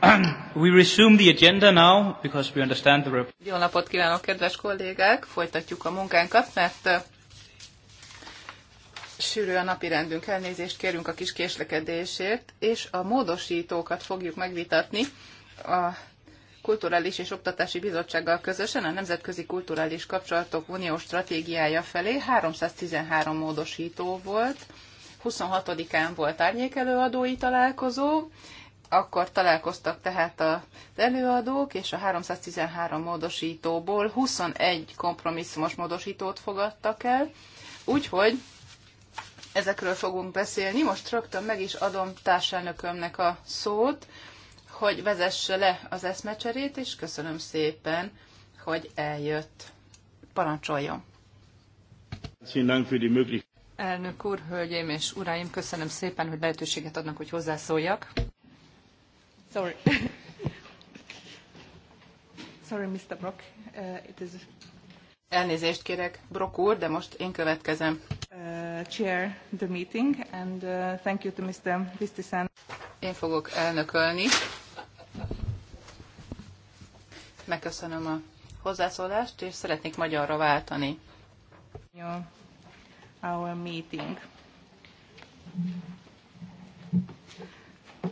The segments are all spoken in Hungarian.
We resume the agenda now, because we understand the report. Jó napot kívánok, kedves kollégák! Folytatjuk a munkánkat, mert sűrű a napi rendünk, elnézést kérünk a kis késlekedésért, és a módosítókat fogjuk megvitatni a Kulturális és Oktatási Bizottsággal közösen a Nemzetközi Kulturális Kapcsolatok Unió Stratégiája felé 313 módosító volt, 26-án volt árnyékelőadói találkozó, akkor találkoztak tehát az előadók, és a 313 módosítóból 21 kompromisszumos módosítót fogadtak el, úgyhogy ezekről fogunk beszélni. Most rögtön meg is adom társelnökömnek a szót, hogy vezesse le az eszmecserét, és köszönöm szépen, hogy eljött. Parancsoljon! Elnök úr, hölgyeim és uraim, köszönöm szépen, hogy lehetőséget adnak, hogy hozzászóljak. Sorry. Sorry, Mr. Brock. Uh, it is... Elnézést kérek, Brock úr, de most én következem. Uh, chair the meeting, and uh, thank you to Mr. Vistisen. Én fogok elnökölni. Megköszönöm a hozzászólást, és szeretnék magyarra váltani. our meeting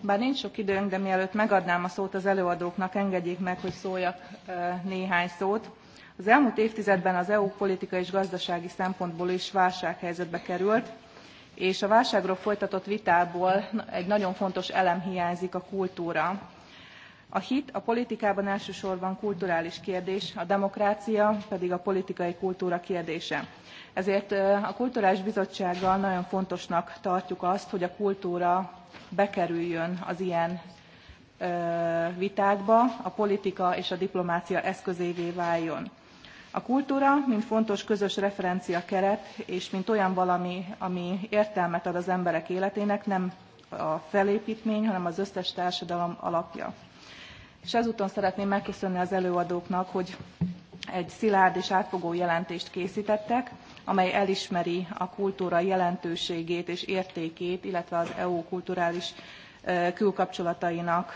bár nincs sok időnk de mielőtt megadnám a szót az előadóknak engedjék meg hogy szóljak néhány szót. az elmúlt évtizedben az eu politikai és gazdasági szempontból is válsághelyzetbe került és a válságról folytatott vitából egy nagyon fontos elem hiányzik a kultúra a hit a politikában elsősorban kulturális kérdés a demokrácia pedig a politikai kultúra kérdése ezért a kulturális bizottsággal nagyon fontosnak tartjuk azt hogy a kultúra bekerüljön az ilyen vitákba a politika és a diplomácia eszközévé váljon. A kultúra, mint fontos közös referenciakeret, és mint olyan valami, ami értelmet ad az emberek életének, nem a felépítmény, hanem az összes társadalom alapja és ezúton szeretném megköszönni az előadóknak, hogy egy szilárd és átfogó jelentést készítettek, amely elismeri a kultúra jelentőségét és értékét, illetve az EU kulturális külkapcsolatainak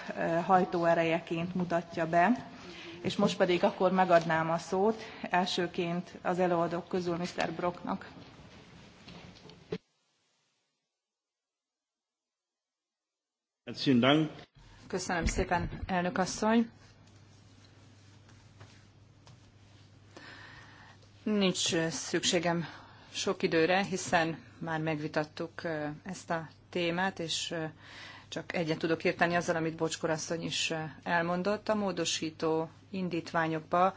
hajtóerejeként mutatja be. És most pedig akkor megadnám a szót elsőként az előadók közül Mr. Brocknak. Herzlichen Köszönöm szépen, elnök asszony. Nincs szükségem sok időre, hiszen már megvitattuk ezt a témát, és csak egyet tudok érteni azzal, amit Bocskor asszony is elmondott. A módosító indítványokba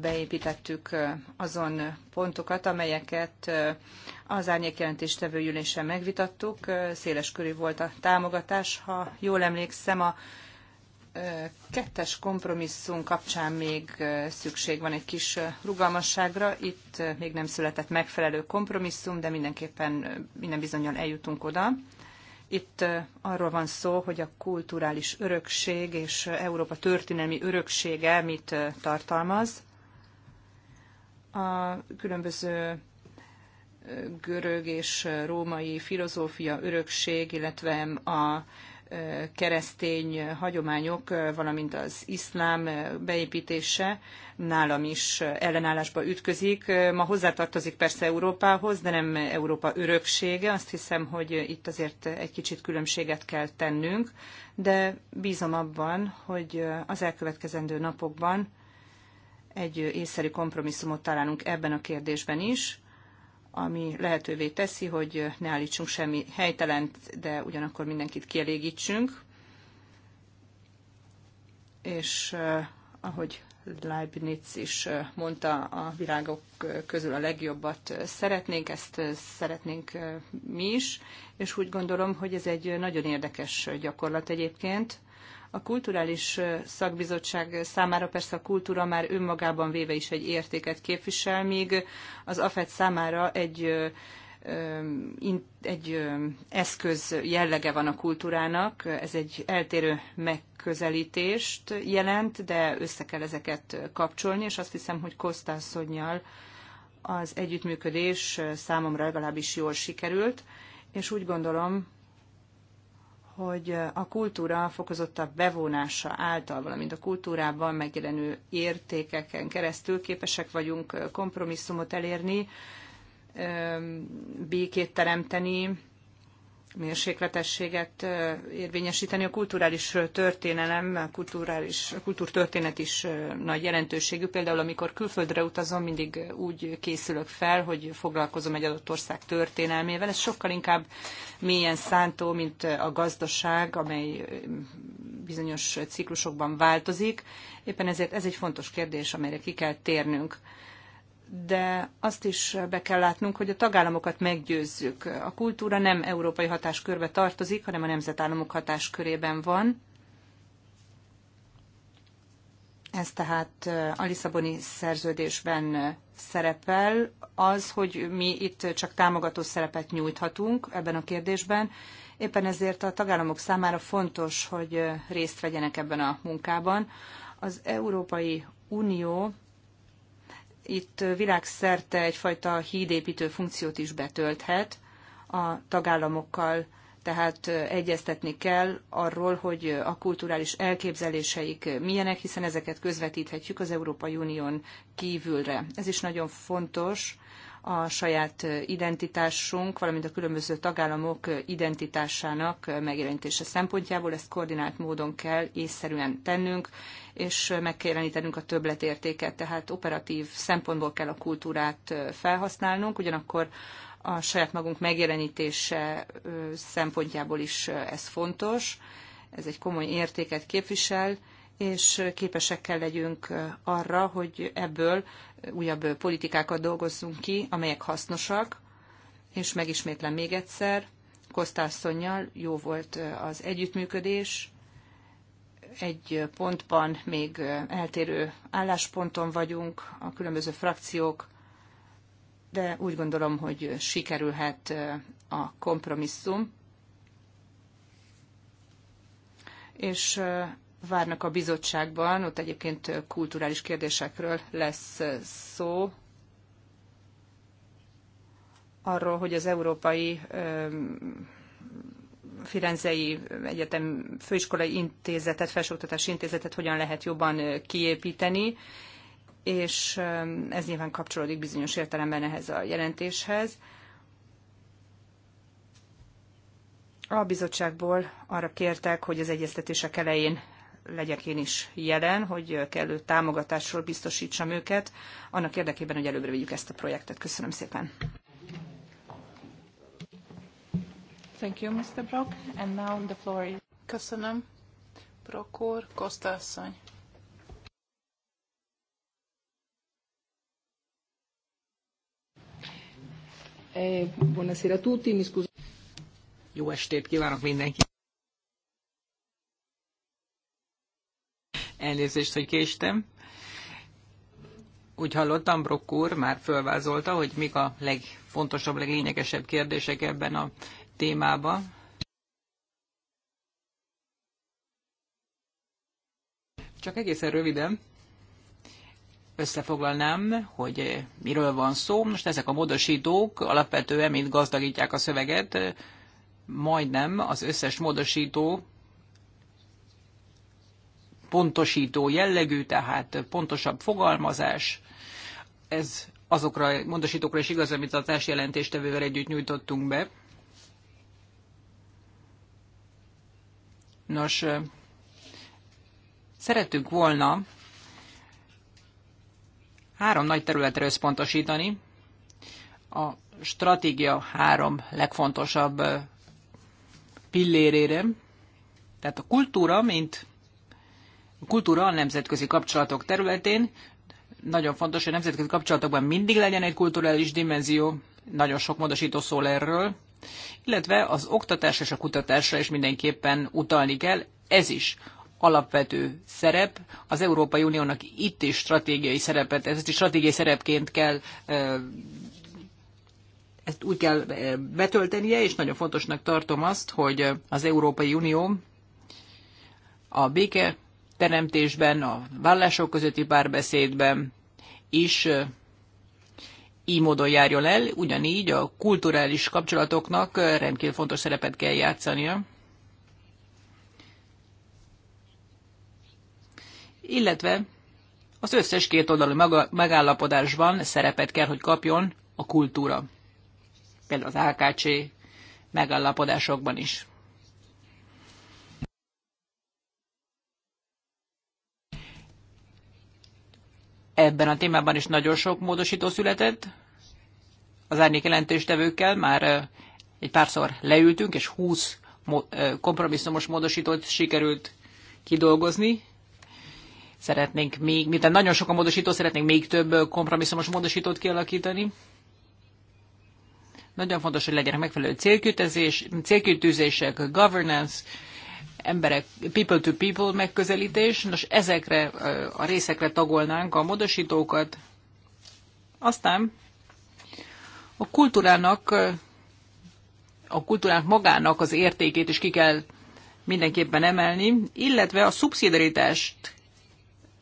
beépítettük azon pontokat, amelyeket az árnyékjelentéstevő ülésen megvitattuk. Széles körű volt a támogatás, ha jól emlékszem, a kettes kompromisszum kapcsán még szükség van egy kis rugalmasságra. Itt még nem született megfelelő kompromisszum, de mindenképpen minden bizonyal eljutunk oda. Itt arról van szó, hogy a kulturális örökség és Európa történelmi öröksége mit tartalmaz. A különböző görög és római filozófia örökség, illetve a keresztény hagyományok, valamint az iszlám beépítése nálam is ellenállásba ütközik. Ma hozzátartozik persze Európához, de nem Európa öröksége. Azt hiszem, hogy itt azért egy kicsit különbséget kell tennünk, de bízom abban, hogy az elkövetkezendő napokban egy észszerű kompromisszumot találunk ebben a kérdésben is ami lehetővé teszi, hogy ne állítsunk semmi helytelent, de ugyanakkor mindenkit kielégítsünk. És eh, ahogy Leibniz is eh, mondta, a világok eh, közül a legjobbat szeretnénk, ezt szeretnénk mi is, és úgy gondolom, hogy ez egy nagyon érdekes gyakorlat egyébként. A kulturális szakbizottság számára persze a kultúra már önmagában véve is egy értéket képvisel, míg az AFED számára egy egy eszköz jellege van a kultúrának, ez egy eltérő megközelítést jelent, de össze kell ezeket kapcsolni, és azt hiszem, hogy Kosztászonyjal az együttműködés számomra legalábbis jól sikerült, és úgy gondolom, hogy a kultúra fokozottabb bevonása által, valamint a kultúrában megjelenő értékeken keresztül képesek vagyunk kompromisszumot elérni, békét teremteni, mérsékletességet érvényesíteni. A kulturális történelem, a kulturális, a kultúrtörténet is nagy jelentőségű. Például amikor külföldre utazom, mindig úgy készülök fel, hogy foglalkozom egy adott ország történelmével. Ez sokkal inkább mélyen szántó, mint a gazdaság, amely bizonyos ciklusokban változik. Éppen ezért ez egy fontos kérdés, amelyre ki kell térnünk de azt is be kell látnunk, hogy a tagállamokat meggyőzzük. A kultúra nem európai hatáskörbe tartozik, hanem a nemzetállamok hatáskörében van. Ez tehát a Lisszaboni szerződésben szerepel, az, hogy mi itt csak támogató szerepet nyújthatunk ebben a kérdésben. Éppen ezért a tagállamok számára fontos, hogy részt vegyenek ebben a munkában. Az Európai Unió itt világszerte egyfajta hídépítő funkciót is betölthet a tagállamokkal, tehát egyeztetni kell arról, hogy a kulturális elképzeléseik milyenek, hiszen ezeket közvetíthetjük az Európai Unión kívülre. Ez is nagyon fontos a saját identitásunk, valamint a különböző tagállamok identitásának megjelenítése szempontjából. Ezt koordinált módon kell észszerűen tennünk, és meg kell jelenítenünk a többletértéket, tehát operatív szempontból kell a kultúrát felhasználnunk, ugyanakkor a saját magunk megjelenítése szempontjából is ez fontos. Ez egy komoly értéket képvisel, és képesek kell legyünk arra, hogy ebből újabb politikákat dolgozzunk ki, amelyek hasznosak, és megismétlem még egyszer, Kosztásszonynal jó volt az együttműködés, egy pontban még eltérő állásponton vagyunk, a különböző frakciók, de úgy gondolom, hogy sikerülhet a kompromisszum. És várnak a bizottságban, ott egyébként kulturális kérdésekről lesz szó, arról, hogy az Európai Firenzei Egyetem Főiskolai Intézetet, Felsőoktatási Intézetet hogyan lehet jobban kiépíteni, és ez nyilván kapcsolódik bizonyos értelemben ehhez a jelentéshez. A bizottságból arra kértek, hogy az egyeztetések elején legyek én is jelen, hogy kellő támogatásról biztosítsam őket, annak érdekében, hogy előbbre vigyük ezt a projektet. Köszönöm szépen. Thank you, Mr. Brock. And now the floor is... Köszönöm. Brock úr, Kosta asszony. Eh, buonasera a tutti, mi scuso. Jó estét kívánok mindenkinek! elnézést, hogy késtem. Úgy hallottam, Brock úr már fölvázolta, hogy mik a legfontosabb, leglényegesebb kérdések ebben a témában. Csak egészen röviden összefoglalnám, hogy miről van szó. Most ezek a módosítók alapvetően mind gazdagítják a szöveget, majdnem az összes módosító pontosító jellegű, tehát pontosabb fogalmazás. Ez azokra a módosítókra is igaz, amit a társjelentéstevővel együtt nyújtottunk be. Nos, szeretünk volna három nagy területre összpontosítani. A stratégia három legfontosabb pillérére. Tehát a kultúra, mint a kultúra a nemzetközi kapcsolatok területén. Nagyon fontos, hogy a nemzetközi kapcsolatokban mindig legyen egy kulturális dimenzió. Nagyon sok módosító szól erről. Illetve az oktatás és a kutatásra is mindenképpen utalni kell. Ez is alapvető szerep. Az Európai Uniónak itt is stratégiai szerepet, ezt is stratégiai szerepként kell ezt úgy kell betöltenie, és nagyon fontosnak tartom azt, hogy az Európai Unió a béke teremtésben, a vállások közötti párbeszédben is így módon járjon el, ugyanígy a kulturális kapcsolatoknak rendkívül fontos szerepet kell játszania. Illetve az összes két oldalú megállapodásban szerepet kell, hogy kapjon a kultúra. Például az AKC megállapodásokban is. Ebben a témában is nagyon sok módosító született. Az árnyék jelentéstevőkkel már egy párszor leültünk, és 20 kompromisszumos módosítót sikerült kidolgozni. Szeretnénk még, mint nagyon sok a módosító, szeretnénk még több kompromisszumos módosítót kialakítani. Nagyon fontos, hogy legyenek megfelelő célkütözés, célkütőzések, governance, emberek, people to people megközelítés, nos ezekre a részekre tagolnánk a módosítókat. Aztán a kultúrának, a kultúrának magának az értékét is ki kell mindenképpen emelni, illetve a szubszidaritást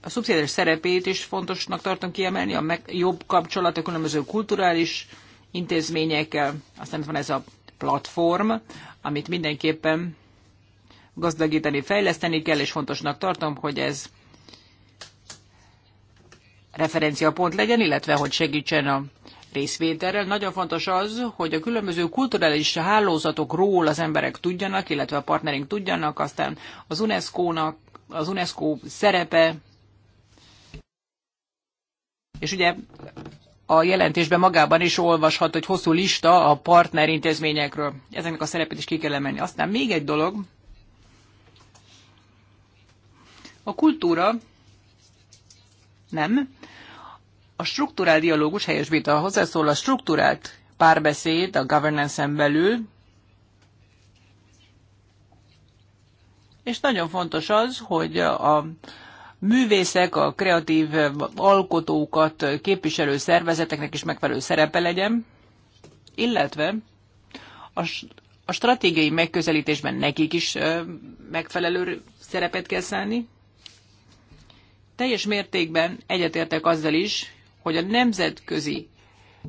a szubszidiaris szerepét is fontosnak tartom kiemelni, a meg, jobb kapcsolat a különböző kulturális intézményekkel, aztán van ez a platform, amit mindenképpen gazdagítani, fejleszteni kell, és fontosnak tartom, hogy ez referenciapont legyen, illetve hogy segítsen a részvételrel. Nagyon fontos az, hogy a különböző kulturális hálózatokról az emberek tudjanak, illetve a partnerink tudjanak, aztán az UNESCO-nak, az UNESCO szerepe, és ugye a jelentésben magában is olvashat, hogy hosszú lista a partner Ezeknek a szerepét is ki kell emelni. Aztán még egy dolog, a kultúra nem. A struktúrál dialógus helyes vita hozzászól a struktúrált párbeszéd a governance-en belül, és nagyon fontos az, hogy a művészek, a kreatív alkotókat képviselő szervezeteknek is megfelelő szerepe legyen, illetve a, a stratégiai megközelítésben nekik is megfelelő szerepet kell szállni. Teljes mértékben egyetértek azzal is, hogy a nemzetközi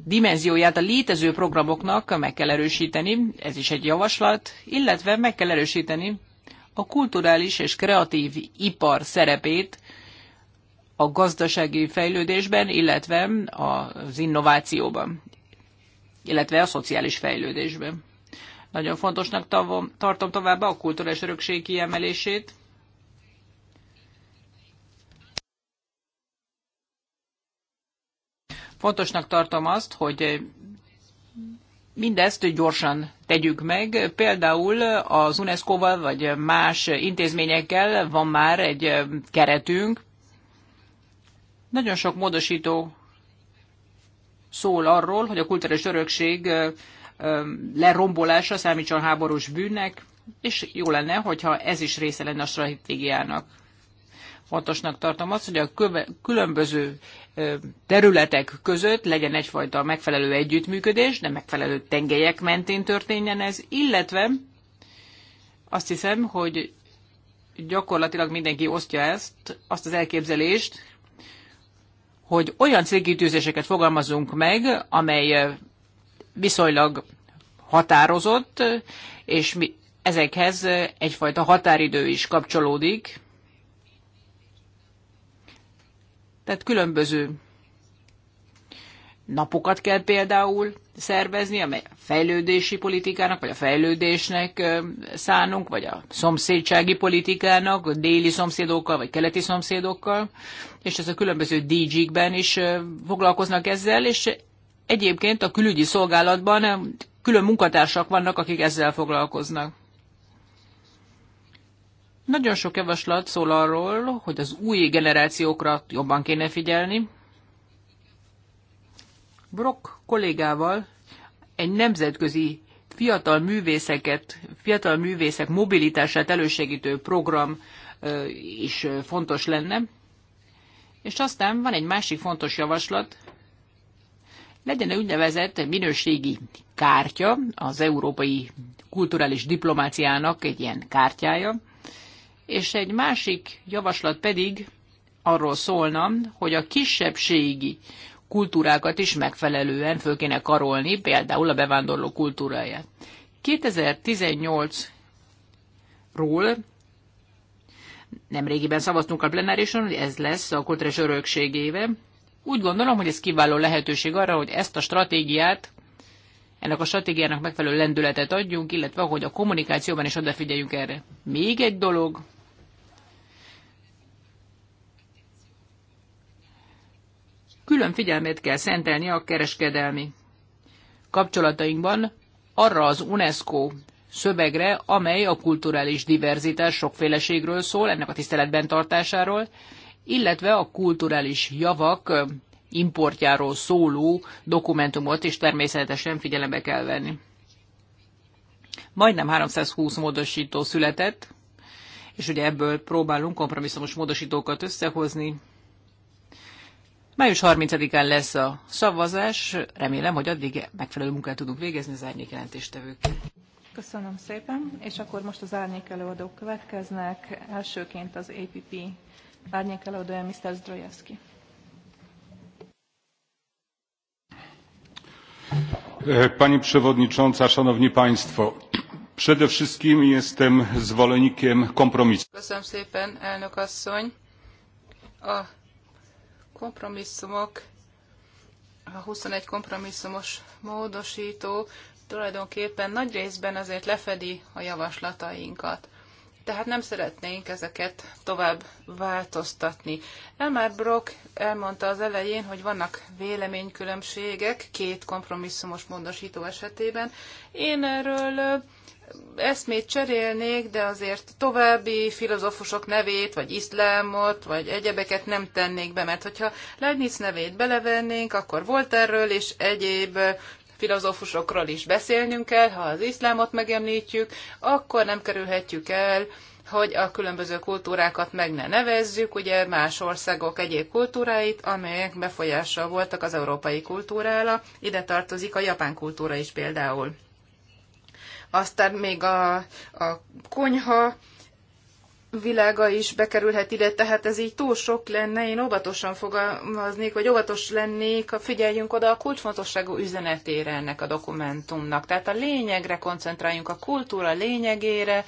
dimenzióját a létező programoknak meg kell erősíteni, ez is egy javaslat, illetve meg kell erősíteni a kulturális és kreatív ipar szerepét a gazdasági fejlődésben, illetve az innovációban, illetve a szociális fejlődésben. Nagyon fontosnak tartom továbbá a kulturális örökség kiemelését, Fontosnak tartom azt, hogy eh, mindezt gyorsan tegyük meg. Például az UNESCO-val vagy más intézményekkel van már egy eh, keretünk. Nagyon sok módosító szól arról, hogy a kulturális örökség eh, lerombolása számítson háborús bűnnek, és jó lenne, hogyha ez is része lenne a stratégiának. Fontosnak tartom azt, hogy a különböző területek között legyen egyfajta megfelelő együttműködés, de megfelelő tengelyek mentén történjen ez, illetve azt hiszem, hogy gyakorlatilag mindenki osztja ezt, azt az elképzelést, hogy olyan célkitűzéseket fogalmazunk meg, amely viszonylag határozott, és mi, ezekhez egyfajta határidő is kapcsolódik. Tehát különböző napokat kell például szervezni, amely a fejlődési politikának, vagy a fejlődésnek szánunk, vagy a szomszédsági politikának, a déli szomszédokkal, vagy keleti szomszédokkal, és ez a különböző DG-kben is foglalkoznak ezzel, és egyébként a külügyi szolgálatban külön munkatársak vannak, akik ezzel foglalkoznak. Nagyon sok javaslat szól arról, hogy az új generációkra jobban kéne figyelni. Brock kollégával egy nemzetközi fiatal művészeket, fiatal művészek mobilitását elősegítő program is fontos lenne. És aztán van egy másik fontos javaslat, legyen egy úgynevezett minőségi kártya, az európai kulturális diplomáciának egy ilyen kártyája, és egy másik javaslat pedig arról szólna, hogy a kisebbségi kultúrákat is megfelelően föl kéne karolni, például a bevándorló kultúráját. 2018-ról nemrégiben szavaztunk a plenárison, hogy ez lesz a kultúrás örökségéve. Úgy gondolom, hogy ez kiváló lehetőség arra, hogy ezt a stratégiát, ennek a stratégiának megfelelő lendületet adjunk, illetve hogy a kommunikációban is odafigyeljünk erre. Még egy dolog, külön figyelmet kell szentelni a kereskedelmi kapcsolatainkban arra az UNESCO szövegre, amely a kulturális diverzitás sokféleségről szól, ennek a tiszteletben tartásáról, illetve a kulturális javak importjáról szóló dokumentumot is természetesen figyelembe kell venni. Majdnem 320 módosító született, és ugye ebből próbálunk kompromisszumos módosítókat összehozni, Május 30-án lesz a szavazás, remélem, hogy addig megfelelő munkát tudunk végezni az árnyékjelentéstevőkkel. Köszönöm szépen, és akkor most az árnyék előadók következnek. Elsőként az APP árnyék előadója Mr. Zdrojewski. E, pani Przewodnicząca, Szanowni Państwo, przede wszystkim jestem zwolennikiem kompromisu. Köszönöm szépen, elnök asszony. A kompromisszumok, a 21 kompromisszumos módosító tulajdonképpen nagy részben azért lefedi a javaslatainkat. Tehát nem szeretnénk ezeket tovább változtatni. Elmar Brock elmondta az elején, hogy vannak véleménykülönbségek két kompromisszumos módosító esetében. Én erről eszmét cserélnék, de azért további filozófusok nevét, vagy iszlámot, vagy egyebeket nem tennék be, mert hogyha Leibniz nevét belevennénk, akkor volt erről, és egyéb filozófusokról is beszélnünk kell, ha az iszlámot megemlítjük, akkor nem kerülhetjük el, hogy a különböző kultúrákat meg ne nevezzük, ugye más országok egyéb kultúráit, amelyek befolyással voltak az európai kultúrára, ide tartozik a japán kultúra is például aztán még a, a konyha világa is bekerülhet ide, tehát ez így túl sok lenne, én óvatosan fogalmaznék, vagy óvatos lennék, ha figyeljünk oda a kulcsfontosságú üzenetére ennek a dokumentumnak. Tehát a lényegre koncentráljunk, a kultúra lényegére,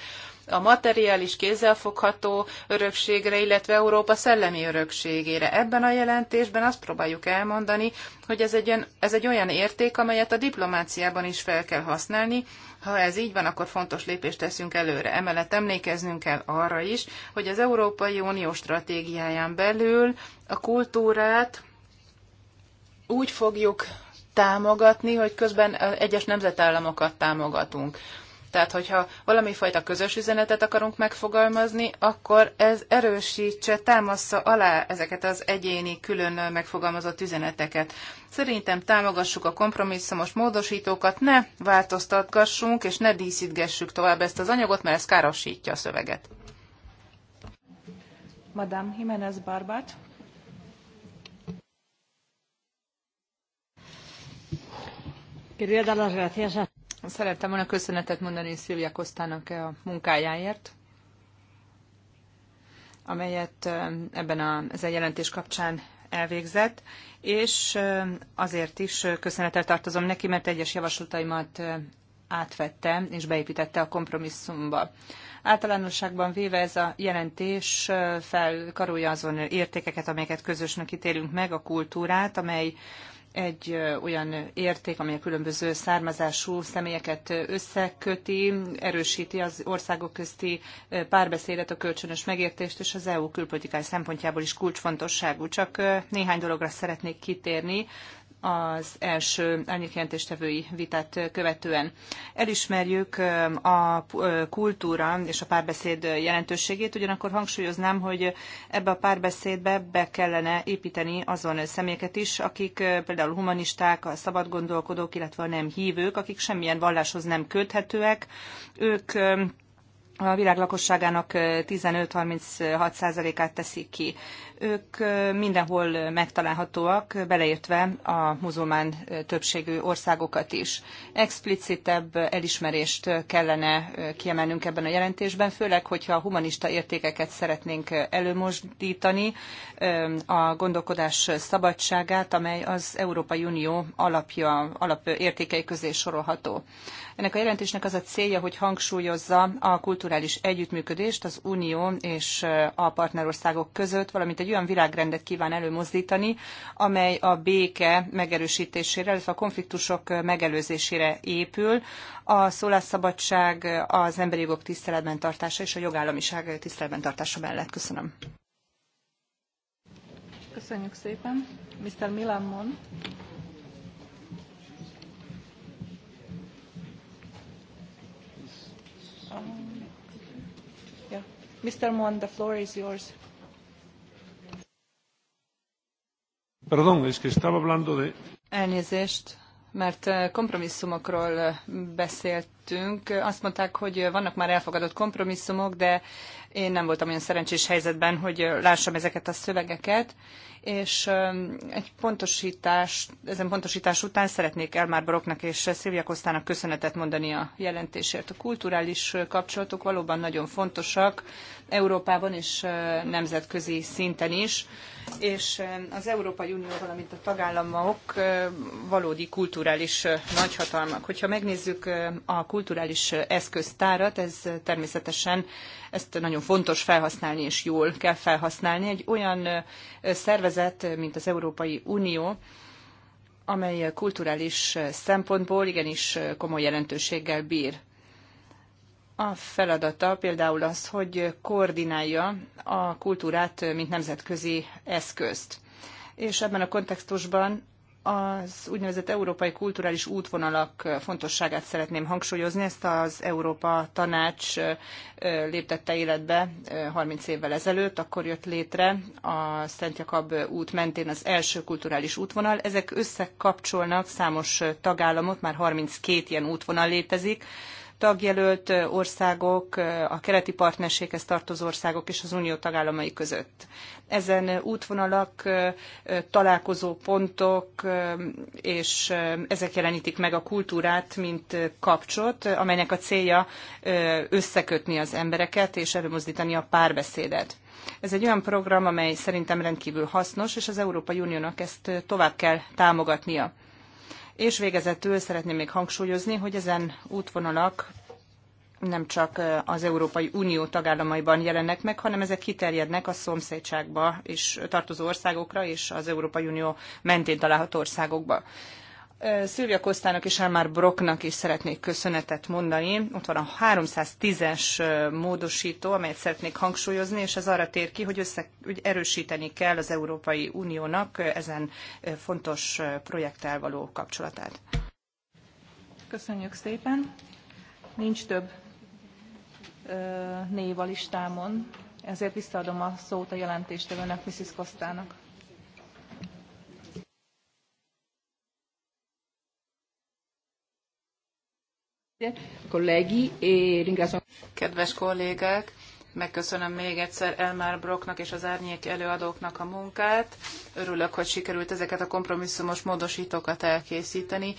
a materiális kézzelfogható örökségre, illetve Európa szellemi örökségére. Ebben a jelentésben azt próbáljuk elmondani, hogy ez egy, olyan, ez egy olyan érték, amelyet a diplomáciában is fel kell használni, ha ez így van, akkor fontos lépést teszünk előre. Emellett emlékeznünk kell arra is, hogy az Európai Unió stratégiáján belül a kultúrát úgy fogjuk támogatni, hogy közben egyes nemzetállamokat támogatunk. Tehát, hogyha valami fajta közös üzenetet akarunk megfogalmazni, akkor ez erősítse, támaszza alá ezeket az egyéni, külön megfogalmazott üzeneteket. Szerintem támogassuk a kompromisszumos módosítókat, ne változtatgassunk, és ne díszítgessük tovább ezt az anyagot, mert ez károsítja a szöveget. Madame Jimenez Barbát. Quería dar las gracias a Szerettem volna köszönetet mondani Szilvia Kosztának a munkájáért, amelyet ebben a, ezen jelentés kapcsán elvégzett, és azért is köszönetet tartozom neki, mert egyes javaslataimat átvette és beépítette a kompromisszumba. Általánosságban véve ez a jelentés felkarolja azon értékeket, amelyeket közösnek ítélünk meg, a kultúrát, amely egy olyan érték, amely a különböző származású személyeket összeköti, erősíti az országok közti párbeszédet, a kölcsönös megértést, és az EU külpolitikai szempontjából is kulcsfontosságú. Csak néhány dologra szeretnék kitérni, az első árnyékjelentéstevői vitát követően. Elismerjük a kultúra és a párbeszéd jelentőségét, ugyanakkor hangsúlyoznám, hogy ebbe a párbeszédbe be kellene építeni azon személyeket is, akik például humanisták, a szabadgondolkodók, illetve a nem hívők, akik semmilyen valláshoz nem köthetőek. Ők a világ lakosságának 15-36%-át teszik ki. Ők mindenhol megtalálhatóak, beleértve a muzulmán többségű országokat is. Explicitebb elismerést kellene kiemelnünk ebben a jelentésben, főleg, hogyha a humanista értékeket szeretnénk előmozdítani, a gondolkodás szabadságát, amely az Európai Unió alapja, alapértékei közé sorolható. Ennek a jelentésnek az a célja, hogy hangsúlyozza a kultúra kulturális együttműködést az Unió és a partnerországok között, valamint egy olyan világrendet kíván előmozdítani, amely a béke megerősítésére, illetve a konfliktusok megelőzésére épül, a szólásszabadság, az emberi jogok tiszteletben tartása és a jogállamiság tiszteletben tartása mellett. Köszönöm. Köszönjük szépen. Mr. Milan Mon. Um, Elnézést, mert eh, kompromisszumokról eh, beszéltünk. Azt mondták, hogy eh, vannak már elfogadott kompromisszumok, de én nem voltam olyan szerencsés helyzetben, hogy lássam ezeket a szövegeket, és ehm, egy pontosítás, ezen pontosítás után szeretnék Elmár Baroknak és Szilvia Kosztának köszönetet mondani a jelentésért. A kulturális kapcsolatok valóban nagyon fontosak Európában és nemzetközi szinten is, és az Európai Unió, valamint a tagállamok valódi kulturális nagyhatalmak. Hogyha megnézzük a kulturális eszköztárat, ez természetesen ezt nagyon fontos felhasználni, és jól kell felhasználni. Egy olyan szervezet, mint az Európai Unió, amely kulturális szempontból igenis komoly jelentőséggel bír a feladata például az, hogy koordinálja a kultúrát, mint nemzetközi eszközt. És ebben a kontextusban az úgynevezett európai kulturális útvonalak fontosságát szeretném hangsúlyozni. Ezt az Európa Tanács léptette életbe 30 évvel ezelőtt, akkor jött létre a Szent Jakab út mentén az első kulturális útvonal. Ezek összekapcsolnak számos tagállamot, már 32 ilyen útvonal létezik tagjelölt országok, a keleti partnerséghez tartozó országok és az unió tagállamai között. Ezen útvonalak, találkozó pontok, és ezek jelenítik meg a kultúrát, mint kapcsot, amelynek a célja összekötni az embereket és előmozdítani a párbeszédet. Ez egy olyan program, amely szerintem rendkívül hasznos, és az Európai Uniónak ezt tovább kell támogatnia. És végezetül szeretném még hangsúlyozni, hogy ezen útvonalak nem csak az Európai Unió tagállamaiban jelennek meg, hanem ezek kiterjednek a szomszédságba és tartozó országokra és az Európai Unió mentén található országokba. Szilvia Kosztának és Elmár Broknak is szeretnék köszönetet mondani. Ott van a 310-es módosító, amelyet szeretnék hangsúlyozni, és ez arra tér ki, hogy, össze, hogy erősíteni kell az Európai Uniónak ezen fontos projekttel való kapcsolatát. Köszönjük szépen. Nincs több név a listámon, ezért visszaadom a szót a jelentéstevőnek, Mrs. Kosztának. E Kedves kollégák, megköszönöm még egyszer Elmar Brocknak és az árnyék előadóknak a munkát. Örülök, hogy sikerült ezeket a kompromisszumos módosítókat elkészíteni.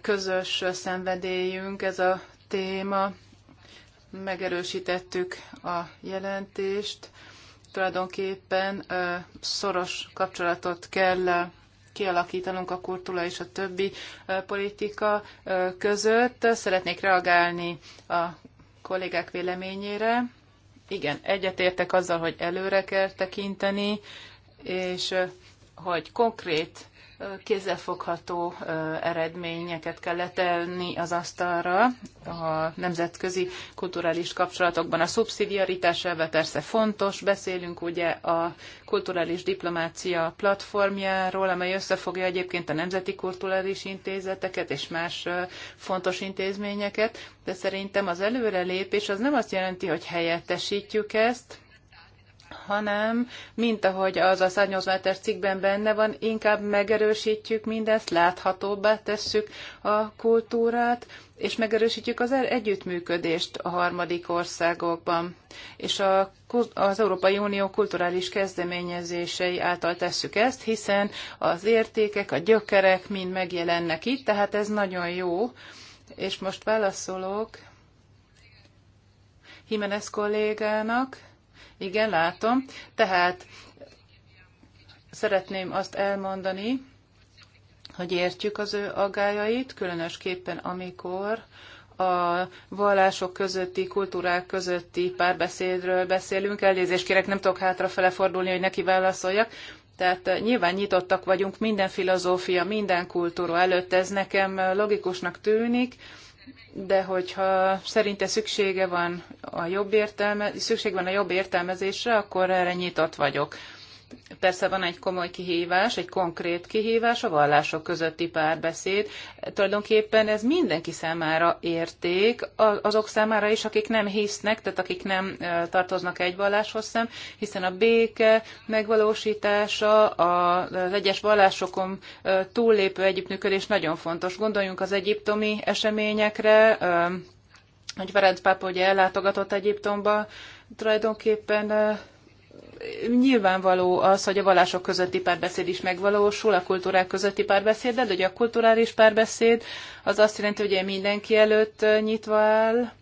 Közös szenvedélyünk ez a téma. Megerősítettük a jelentést. Tulajdonképpen szoros kapcsolatot kell kialakítanunk a kurtula és a többi politika között. Szeretnék reagálni a kollégák véleményére. Igen, egyetértek azzal, hogy előre kell tekinteni, és hogy konkrét kézzelfogható eredményeket kell letelni az asztalra a nemzetközi kulturális kapcsolatokban. A szubszidiaritás elve persze fontos, beszélünk ugye a kulturális diplomácia platformjáról, amely összefogja egyébként a nemzeti kulturális intézeteket és más fontos intézményeket, de szerintem az előrelépés az nem azt jelenti, hogy helyettesítjük ezt, hanem, mint ahogy az a 180-es cikkben benne van, inkább megerősítjük mindezt, láthatóbbá tesszük a kultúrát, és megerősítjük az er- együttműködést a harmadik országokban, és a, az Európai Unió kulturális kezdeményezései által tesszük ezt, hiszen az értékek, a gyökerek mind megjelennek itt, tehát ez nagyon jó. És most válaszolok Jimenez kollégának igen, látom. Tehát szeretném azt elmondani, hogy értjük az ő agájait, különösképpen amikor a vallások közötti, kultúrák közötti párbeszédről beszélünk. Elnézést kérek, nem tudok hátrafele fordulni, hogy neki válaszoljak. Tehát eh, nyilván nyitottak vagyunk minden filozófia, minden kultúra előtt. Ez nekem eh, logikusnak tűnik, de hogyha szerinte szüksége van a jobb értelme, szükség van a jobb értelmezésre, akkor erre nyitott vagyok. Persze van egy komoly kihívás, egy konkrét kihívás, a vallások közötti párbeszéd. Tulajdonképpen ez mindenki számára érték, azok számára is, akik nem hisznek, tehát akik nem tartoznak egy valláshoz szem, hiszen a béke megvalósítása, az egyes vallásokon túllépő együttműködés nagyon fontos. Gondoljunk az egyiptomi eseményekre, hogy Ferenc pápa ugye ellátogatott Egyiptomba, tulajdonképpen nyilvánvaló az, hogy a vallások közötti párbeszéd is megvalósul, a kultúrák közötti párbeszéd, de ugye a kulturális párbeszéd az azt jelenti, hogy mindenki előtt nyitva áll,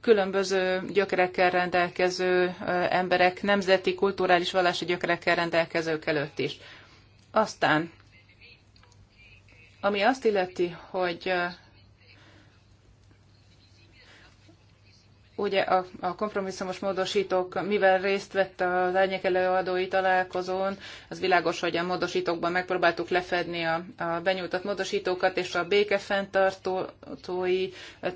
különböző gyökerekkel rendelkező emberek, nemzeti, kulturális, vallási gyökerekkel rendelkezők előtt is. Aztán, ami azt illeti, hogy ugye a, a kompromisszumos módosítók, mivel részt vett az árnyék előadói találkozón, az világos, hogy a módosítókban megpróbáltuk lefedni a, a benyújtott módosítókat, és a békefenntartói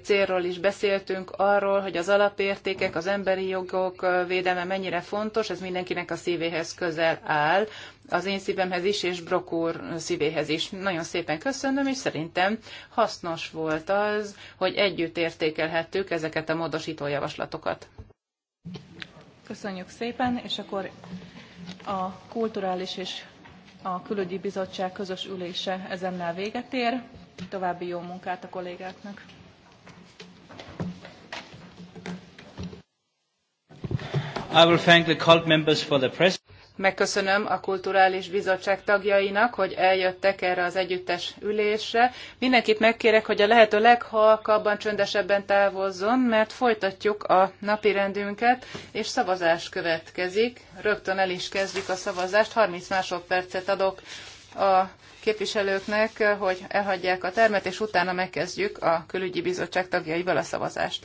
célról is beszéltünk arról, hogy az alapértékek, az emberi jogok védelme mennyire fontos, ez mindenkinek a szívéhez közel áll, az én szívemhez is, és Brok úr szívéhez is. Nagyon szépen köszönöm, és szerintem hasznos volt az, hogy együtt értékelhettük ezeket a módosító javaslatokat. Köszönjük szépen, és akkor a Kulturális és a Külügyi Bizottság közös ülése ezennel véget ér. További jó munkát a kollégáknak! I will thank the cult members for the press. Megköszönöm a Kulturális Bizottság tagjainak, hogy eljöttek erre az együttes ülésre. Mindenkit megkérek, hogy a lehető leghalkabban, csöndesebben távozzon, mert folytatjuk a napi rendünket, és szavazás következik. Rögtön el is kezdjük a szavazást. 30 másodpercet adok a képviselőknek, hogy elhagyják a termet, és utána megkezdjük a külügyi bizottság tagjaival a szavazást.